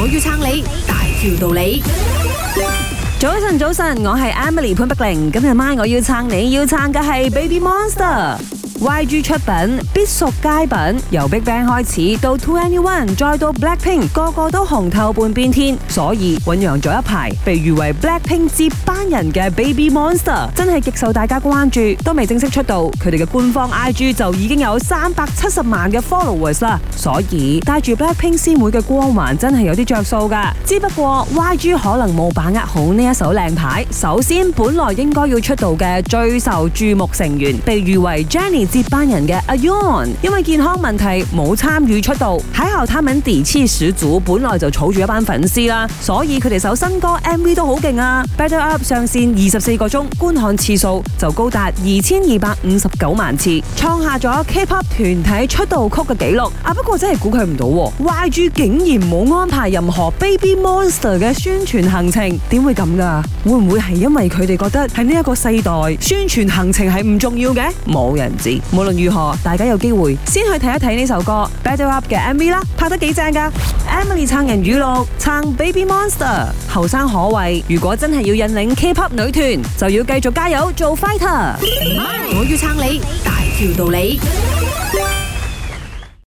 我要撐你，大條道理。早晨，早晨，我係 Emily 潘碧玲。今日晚我要撐你，要撐嘅係 Baby Monster。YG 出品必屬佳品，由 BigBang 開始到 2NE1，再到 Blackpink，個個都紅透半邊天。所以醞釀咗一排，被譽為 Blackpink 接班人嘅 Baby Monster 真係極受大家關注。都未正式出道，佢哋嘅官方 IG 就已經有三百七十萬嘅 followers 啦。所以帶住 Blackpink 師妹嘅光環，真係有啲着數噶。只不過 YG 可能冇把握好呢一手靚牌。首先，本來應該要出道嘅最受注目成員，被譽為 Jennie 接班人嘅 Aion，因為健康問題冇參與出道。喺後，他們 D.C. 小組本來就儲住一班粉絲啦，所以佢哋首新歌 MV 都好勁啊。Better Up 上線二十四個鐘，觀看次數就高達二千二百五十九萬次，創下咗 K-pop 團體出道曲嘅紀錄。啊，不過真係估佢唔到，YG 竟然冇安排任何 Baby Monster 嘅宣傳行程，點會咁噶？會唔會係因為佢哋覺得喺呢一個世代，宣傳行程係唔重要嘅？冇人知。無論如何，大家有機會先去睇一睇呢首歌《Batter Up》嘅 MV 啦，拍得幾正噶。Emily 撐人語錄，撐 Baby Monster，後生可畏。如果真係要引領 K-pop 女團，就要繼續加油做 Fighter。MY，我要撐你，大條道理。